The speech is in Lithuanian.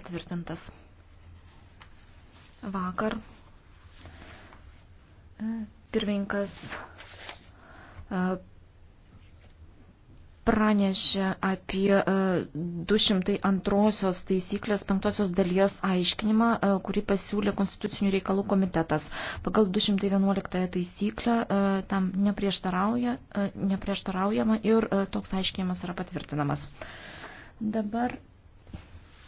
patvirtintas. Vakar e, pirmininkas e, pranešė apie 202 e, taisyklės penktosios dalies aiškinimą, kurį pasiūlė Konstitucinių reikalų komitetas. Pagal 211 taisyklę tam neprieštarauja, neprieštaraujama ir toks aiškinimas yra patvirtinamas. Dabar